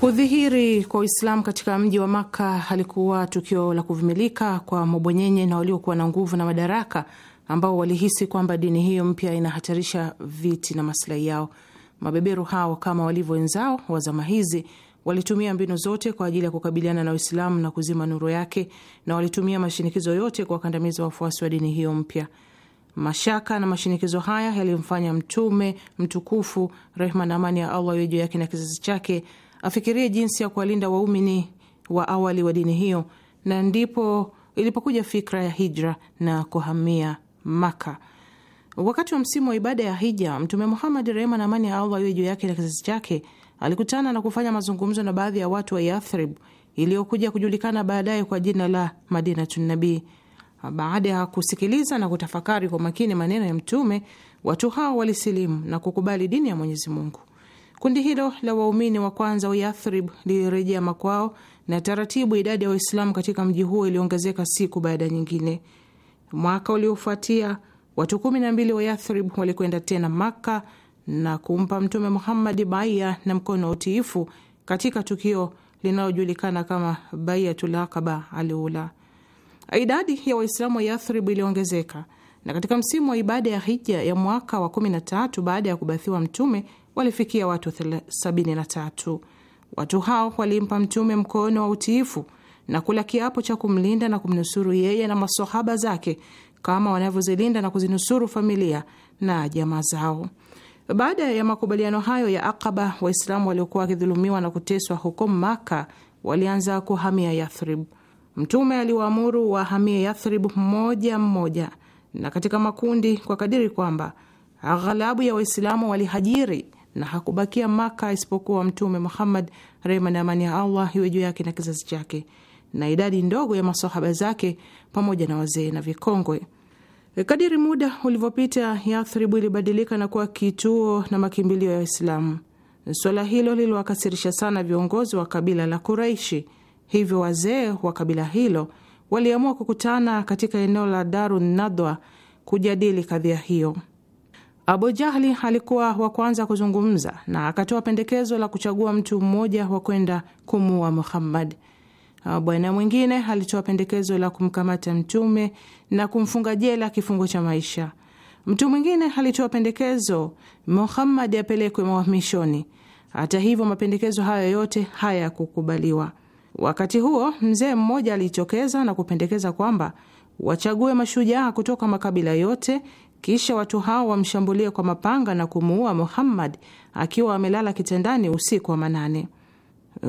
Kudhihiri kwa Uislamu katika mji wa Makka halikuwa tukio la kuvumilika kwa mabwenyenye na waliokuwa na nguvu na madaraka ambao walihisi kwamba dini hiyo mpya inahatarisha viti na maslahi yao. Mabeberu hao kama walivyo wenzao wa zama hizi walitumia mbinu zote kwa ajili ya kukabiliana na Uislamu na kuzima nuru yake, na walitumia mashinikizo yote kuwakandamiza wafuasi wa dini hiyo mpya. Mashaka na mashinikizo haya yalimfanya Mtume mtukufu, rehma na amani ya Allah iwe juu yake na kizazi chake afikirie jinsi ya kuwalinda waumini wa awali wa dini hiyo, na ndipo ilipokuja fikra ya hijra na kuhamia Maka. Wakati wa msimu wa ibada ya hija, Mtume Muhammad, rehema na amani ya Allah iwe juu yake na kizazi chake, alikutana na kufanya mazungumzo na baadhi ya watu wa Yathrib iliyokuja kujulikana baadaye kwa jina la Madinatu Nabii. Baada ya kusikiliza na kutafakari kwa makini maneno ya Mtume, watu hao walisilimu na kukubali dini ya Mwenyezi Mungu. Kundi hilo la waumini wa kwanza wa Yathrib lilirejea makwao na taratibu idadi ya Waislamu katika mji huo iliongezeka siku baada nyingine. Mwaka uliofuatia watu kumi na mbili wa Yathrib walikwenda tena Makka na kumpa Mtume Muhammadi baia na mkono wa utiifu katika tukio linalojulikana kama Baiatul Aqaba Idadi ya Waislamu wa Yathrib iliongezeka na katika msimu wa ibada ya hija ya mwaka wa tatu baada ya kubathiwa Mtume walifikia watu 73. Watu hao walimpa Mtume mkono wa utiifu na kula kiapo cha kumlinda na kumnusuru yeye na masohaba zake kama wanavyozilinda na kuzinusuru familia na jamaa zao. Baada ya makubaliano hayo ya Akaba, Waislamu waliokuwa wakidhulumiwa na kuteswa huko Maka walianza kuhamia Yathrib. Mtume aliwaamuru wahamie Yathrib mmoja mmoja na katika makundi, kwa kadiri kwamba aghalabu ya Waislamu walihajiri na hakubakia Maka isipokuwa Mtume Muhammad, rehma na amani ya Allah iwe juu yake na kizazi chake, na idadi ndogo ya masahaba zake pamoja na wazee na vikongwe. E, kadiri muda ulivyopita, Yathribu ilibadilika na kuwa kituo na makimbilio ya Waislamu. Suala hilo liliwakasirisha sana viongozi wa kabila la Kuraishi. Hivyo wazee wa kabila hilo waliamua kukutana katika eneo la Darun Nadwa kujadili kadhia hiyo. Abu Jahli alikuwa wa kwanza kuzungumza na akatoa pendekezo la kuchagua mtu mmoja wa kwenda kumuua Muhammad. Ah, bwana mwingine alitoa pendekezo la kumkamata Mtume na kumfunga jela kifungo cha maisha. Mtu mwingine alitoa pendekezo Muhammad apelekwe mahamishoni. Hata hivyo, mapendekezo hayo yote hayakukubaliwa. Wakati huo, mzee mmoja alijitokeza na kupendekeza kwamba wachague mashujaa kutoka makabila yote kisha watu hao wamshambulie kwa mapanga na kumuua Muhammad akiwa amelala kitandani usiku wa manane.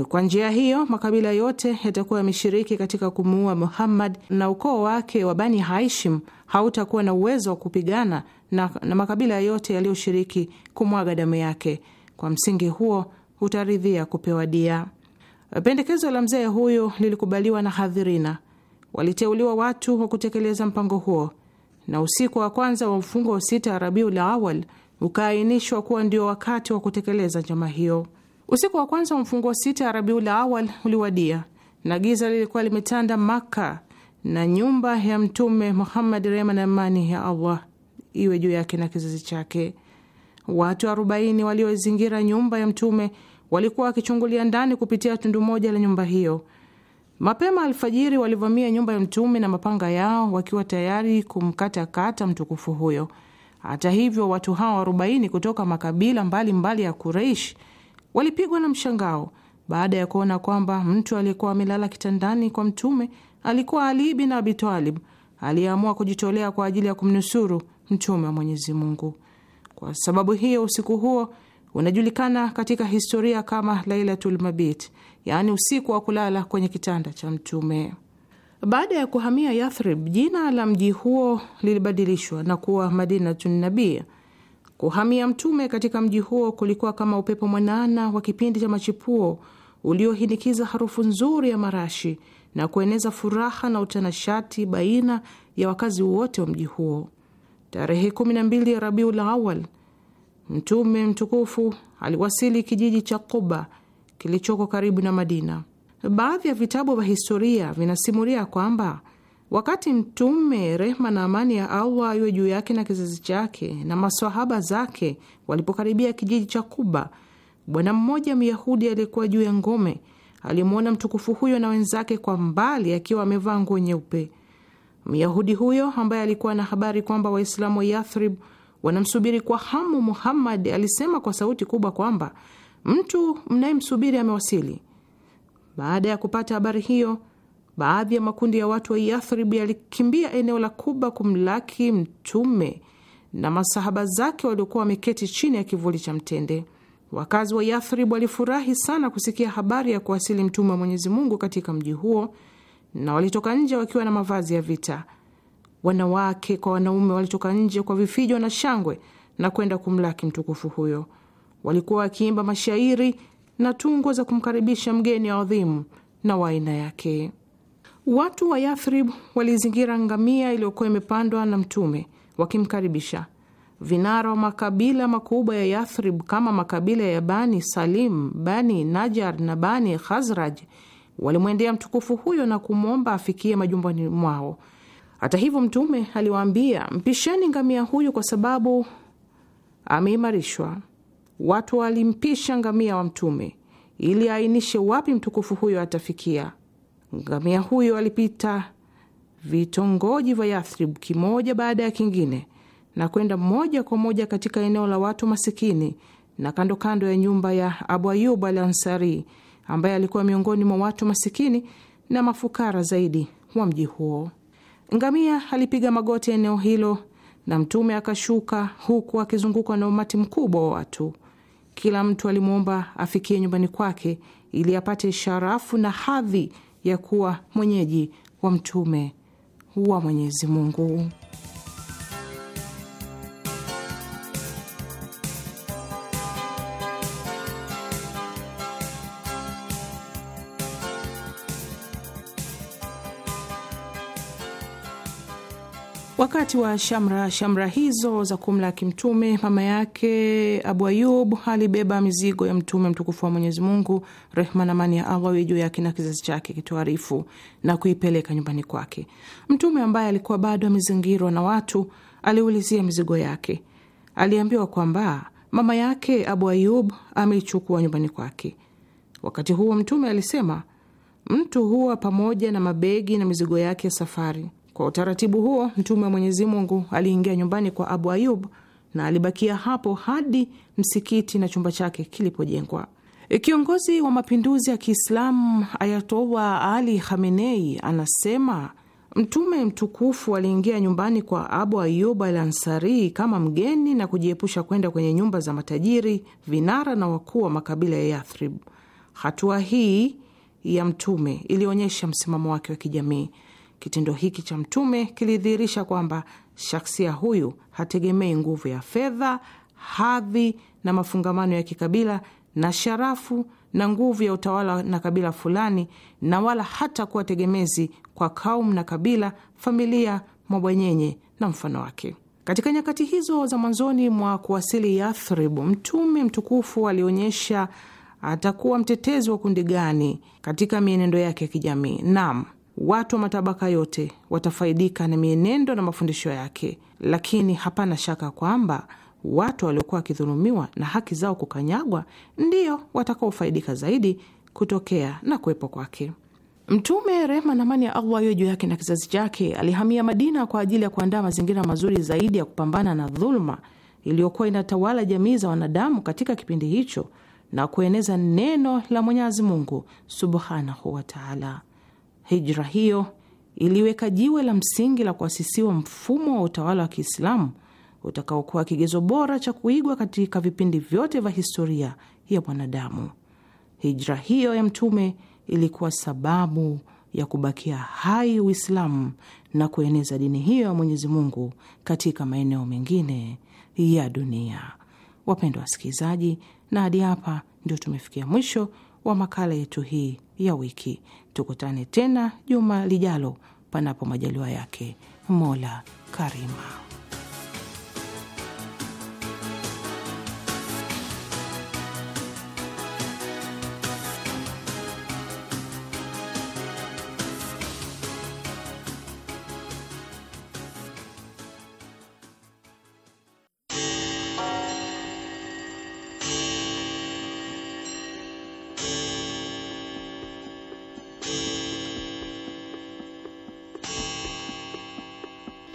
Kwa njia hiyo makabila yote yatakuwa yameshiriki katika kumuua Muhammad na ukoo wake wa Bani Haishim hautakuwa na uwezo wa kupigana na, na makabila yote yaliyoshiriki kumwaga damu yake. Kwa msingi huo utaridhia kupewa dia. Pendekezo la mzee huyu lilikubaliwa na hadhirina. Waliteuliwa watu wa kutekeleza mpango huo na usiku wa kwanza wa mfungo wa sita Rabiul Awal ukaainishwa kuwa ndio wakati wa kutekeleza njama hiyo. Usiku wa kwanza wa mfungo wa sita Rabiul Awal uliwadia na giza lilikuwa limetanda Makka na nyumba ya Mtume Muhammad, rehma na amani ya Allah iwe juu yake na kizazi chake. Watu arobaini waliozingira nyumba ya Mtume walikuwa wakichungulia ndani kupitia tundu moja la nyumba hiyo Mapema alfajiri walivamia nyumba ya Mtume na mapanga yao wakiwa tayari kumkatakata mtukufu huyo. Hata hivyo, watu hao 40 kutoka makabila mbalimbali mbali ya Kureish walipigwa na mshangao baada ya kuona kwamba mtu aliyekuwa amelala kitandani kwa Mtume alikuwa Ali bin Abi Talib aliyeamua kujitolea kwa ajili ya kumnusuru Mtume wa Mwenyezi Mungu. Kwa sababu hiyo, usiku huo unajulikana katika historia kama Lailatul Mabit, yaani usiku wa kulala kwenye kitanda cha Mtume. Baada ya kuhamia Yathrib, jina la mji huo lilibadilishwa na kuwa Madinatun Kuhamia Mtume katika mji huo kulikuwa kama upepo mwanana wa kipindi cha machipuo uliohinikiza harufu nzuri ya marashi na kueneza furaha na utanashati baina ya wakazi wote wa mji huo. Tarehe 12 ya Rabiul Awal, Mtume mtukufu aliwasili kijiji cha Quba kilichoko karibu na Madina. Baadhi ya vitabu vya historia vinasimulia kwamba wakati Mtume, rehma na amani ya Allah iwe juu yake na kizazi chake, na maswahaba zake walipokaribia kijiji cha Kuba, bwana mmoja Myahudi aliyekuwa juu ya ngome alimwona mtukufu huyo na wenzake kwa mbali akiwa amevaa nguo nyeupe. Myahudi huyo ambaye alikuwa na habari kwamba Waislamu wa Yathrib wanamsubiri kwa hamu Muhammad alisema kwa sauti kubwa kwamba mtu mnayemsubiri amewasili. Baada ya kupata habari hiyo, baadhi ya makundi ya watu wa Yathrib yalikimbia eneo la Kuba kumlaki Mtume na masahaba zake waliokuwa wameketi chini ya kivuli cha mtende. Wakazi wa Yathrib walifurahi sana kusikia habari ya kuwasili Mtume wa Mwenyezi Mungu katika mji huo, na walitoka nje wakiwa na mavazi ya vita. Wanawake kwa wanaume walitoka nje kwa vifijo na shangwe na kwenda kumlaki mtukufu huyo walikuwa wakiimba mashairi na tungo za kumkaribisha mgeni adhimu na wa aina yake. Watu wa Yathrib walizingira ngamia iliyokuwa imepandwa na Mtume wakimkaribisha. Vinara wa makabila makubwa ya Yathrib kama makabila ya Bani Salim, Bani Najar na Bani Khazraj walimwendea mtukufu huyo na kumwomba afikie majumbani mwao. Hata hivyo, Mtume aliwaambia, mpisheni ngamia huyu kwa sababu ameimarishwa watu walimpisha ngamia wa Mtume ili aainishe wapi mtukufu huyo atafikia. Ngamia huyo alipita vitongoji vya Yathrib kimoja baada ya kingine na kwenda moja kwa moja katika eneo la watu masikini na kando kando ya nyumba ya Abu Ayub al Ansari ambaye alikuwa miongoni mwa watu masikini na mafukara zaidi wa mji huo. Ngamia alipiga magoti eneo hilo na Mtume akashuka huku akizungukwa na umati mkubwa wa watu. Kila mtu alimwomba afikie nyumbani kwake ili apate sharafu na hadhi ya kuwa mwenyeji wa mtume wa Mwenyezi Mungu. Wakati wa shamra shamra hizo za kumlaki Mtume, mama yake Abu Ayub alibeba mizigo ya Mtume mtukufu wa Mwenyezi Mungu, rehma na amani ya Allah iwe juu yake na kizazi chake kitoarifu, na kuipeleka nyumbani kwake. Mtume ambaye alikuwa bado amezingirwa na watu aliulizia mizigo yake. Aliambiwa kwamba mama yake Abu Ayub ameichukua nyumbani kwake. Wakati huo Mtume alisema, mtu huwa pamoja na mabegi na mizigo yake ya safari kwa utaratibu huo mtume wa Mwenyezi Mungu aliingia nyumbani kwa Abu Ayub na alibakia hapo hadi msikiti na chumba chake kilipojengwa. E, kiongozi wa mapinduzi ya Kiislamu Ayatowa Ali Khamenei anasema Mtume mtukufu aliingia nyumbani kwa Abu Ayub al Ansari kama mgeni na kujiepusha kwenda kwenye nyumba za matajiri, vinara na wakuu wa makabila ya Yathrib. Hatua hii ya Mtume ilionyesha msimamo wake wa kijamii Kitendo hiki cha Mtume kilidhihirisha kwamba shaksia huyu hategemei nguvu ya fedha, hadhi na mafungamano ya kikabila na sharafu na nguvu ya utawala na kabila fulani, na wala hata kuwa tegemezi kwa kaum na kabila, familia, mabwanyenye na mfano wake. Katika nyakati hizo za mwanzoni mwa kuwasili Yathrib, Mtume mtukufu alionyesha atakuwa mtetezi wa kundi gani katika mienendo yake ya kijamii. Naam, Watu wa matabaka yote watafaidika na mienendo na mafundisho yake, lakini hapana shaka kwamba watu waliokuwa wakidhulumiwa na haki zao kukanyagwa ndiyo watakaofaidika zaidi kutokea na kuwepo kwake. Mtume, rehma na amani ya Allah iwe juu yake na kizazi chake, alihamia Madina kwa ajili ya kuandaa mazingira mazuri zaidi ya kupambana na dhuluma iliyokuwa inatawala jamii za wanadamu katika kipindi hicho na kueneza neno la Mwenyezi Mungu subhanahu wataala. Hijra hiyo iliweka jiwe la msingi la kuasisiwa mfumo wa utawala wa Kiislamu utakaokuwa kigezo bora cha kuigwa katika vipindi vyote vya historia ya mwanadamu. Hijra hiyo ya Mtume ilikuwa sababu ya kubakia hai Uislamu na kueneza dini hiyo ya Mwenyezi Mungu katika maeneo mengine ya dunia. Wapendwa wasikilizaji, na hadi hapa ndio tumefikia mwisho wa makala yetu hii ya wiki. Tukutane tena juma lijalo, panapo majaliwa yake Mola Karima.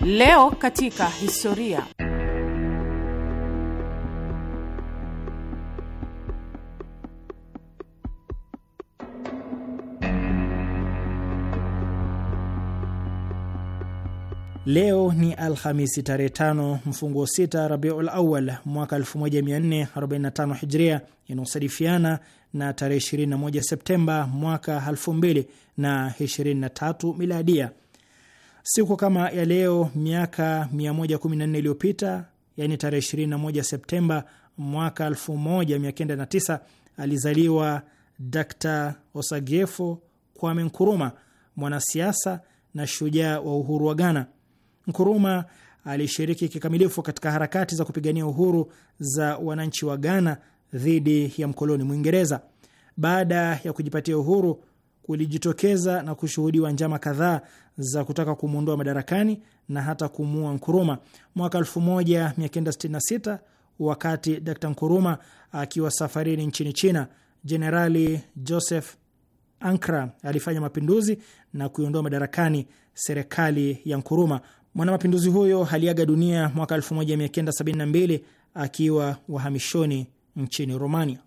Leo katika historia. Leo ni Alhamisi tarehe tano mfungo sita Rabiul Awal mwaka 1445 Hijria, inaosadifiana na tarehe 21 Septemba mwaka 2023 Miladia. Siku kama ya leo miaka 114 iliyopita, yani tarehe 21 Septemba mwaka 1909 alizaliwa Dr. Osagefo Kwame Nkuruma, mwanasiasa na shujaa wa uhuru wa Ghana. Nkuruma alishiriki kikamilifu katika harakati za kupigania uhuru za wananchi wa Ghana dhidi ya mkoloni Mwingereza. Baada ya kujipatia uhuru, kulijitokeza na kushuhudiwa njama kadhaa za kutaka kumwondoa madarakani na hata kumuua Nkuruma mwaka 1966. Wakati Dr Nkuruma akiwa safarini nchini China, Jenerali Joseph Ankra alifanya mapinduzi na kuiondoa madarakani serikali ya Nkuruma. Mwanamapinduzi huyo aliaga dunia mwaka 1972 akiwa wahamishoni nchini Romania.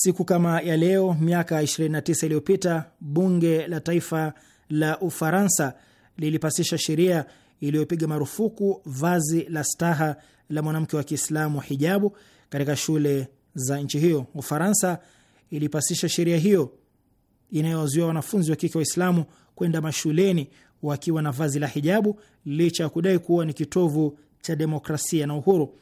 Siku kama ya leo miaka 29 iliyopita bunge la taifa la Ufaransa lilipasisha sheria iliyopiga marufuku vazi la staha la mwanamke wa Kiislamu, hijabu, katika shule za nchi hiyo. Ufaransa ilipasisha sheria hiyo inayowazuia wanafunzi wa kike Waislamu kwenda mashuleni wakiwa na vazi la hijabu licha ya kudai kuwa ni kitovu cha demokrasia na uhuru.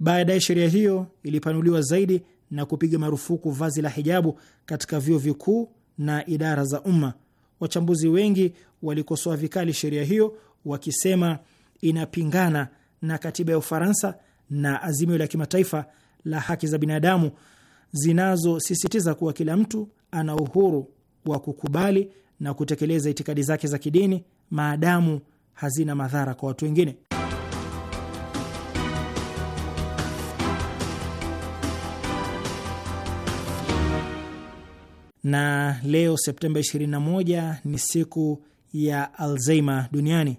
Baadaye sheria hiyo ilipanuliwa zaidi na kupiga marufuku vazi la hijabu katika vyuo vikuu na idara za umma. Wachambuzi wengi walikosoa vikali sheria hiyo wakisema inapingana na katiba ya Ufaransa na azimio la kimataifa la haki za binadamu zinazosisitiza kuwa kila mtu ana uhuru wa kukubali na kutekeleza itikadi zake za kidini maadamu hazina madhara kwa watu wengine. na leo Septemba 21 ni siku ya Alzheimer duniani.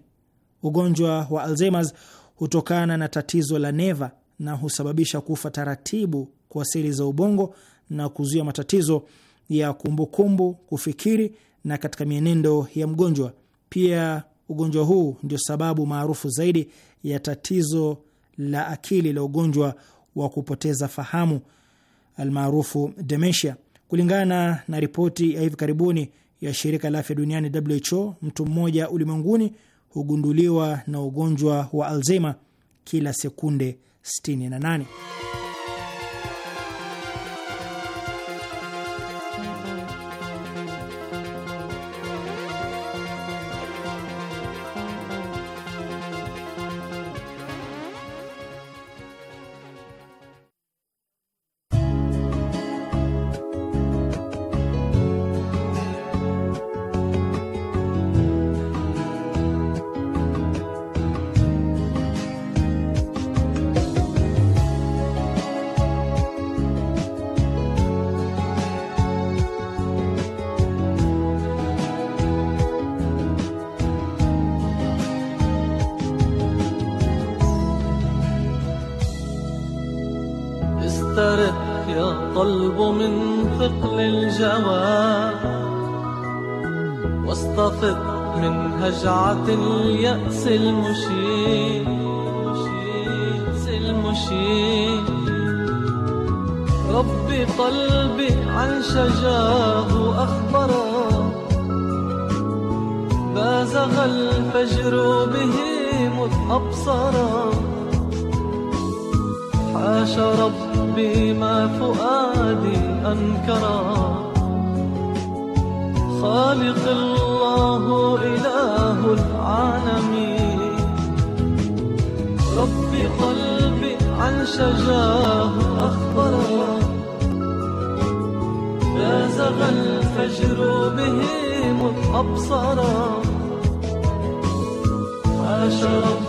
Ugonjwa wa Alzheimers hutokana na tatizo la neva na husababisha kufa taratibu kwa seli za ubongo na kuzuia matatizo ya kumbukumbu, kufikiri na katika mienendo ya mgonjwa. Pia ugonjwa huu ndio sababu maarufu zaidi ya tatizo la akili la ugonjwa wa kupoteza fahamu almaarufu dementia. Kulingana na ripoti ya hivi karibuni ya shirika la afya duniani WHO, mtu mmoja ulimwenguni hugunduliwa na ugonjwa wa Alzheimer kila sekunde 68. الطلب من ثقل الجوى واستفد من هجعة اليأس المشيد المشيد ربي قلبي عن شجاه أخبرا بازغ الفجر به مذ أبصرا حاش ربي بما ما فؤادي أنكرا خالق الله إله العالمين رب قلبي عن شجاه أخبرا بازغ الفجر به مذ أبصرا عاش رب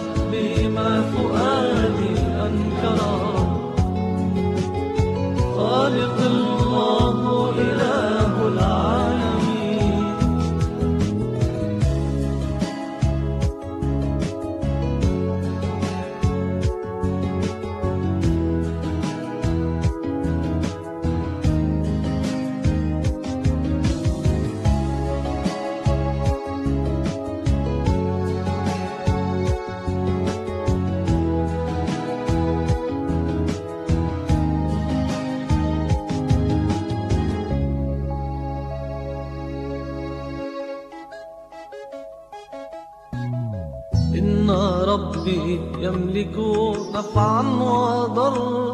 خبر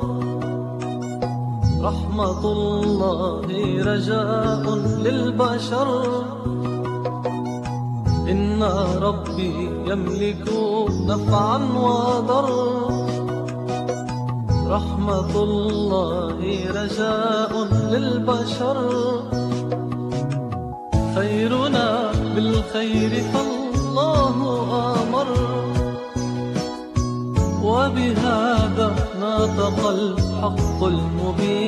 رحمة الله رجاء للبشر إن ربي يملك نفعا وضرا رحمة الله رجاء للبشر خيرنا بالخير فالله آمر وبهذا نطق الحق المبين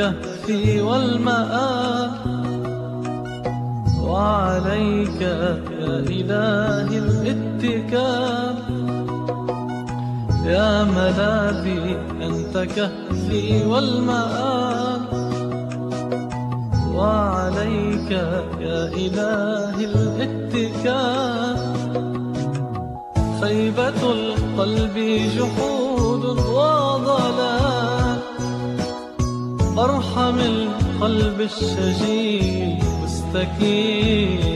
الكهف والمآل وعليك يا إلهي الاتكال يا ملاذي أنت كهفي والمآل وعليك يا إلهي الاتكال خيبة القلب جحود الله حمل قلب الشجين مستكين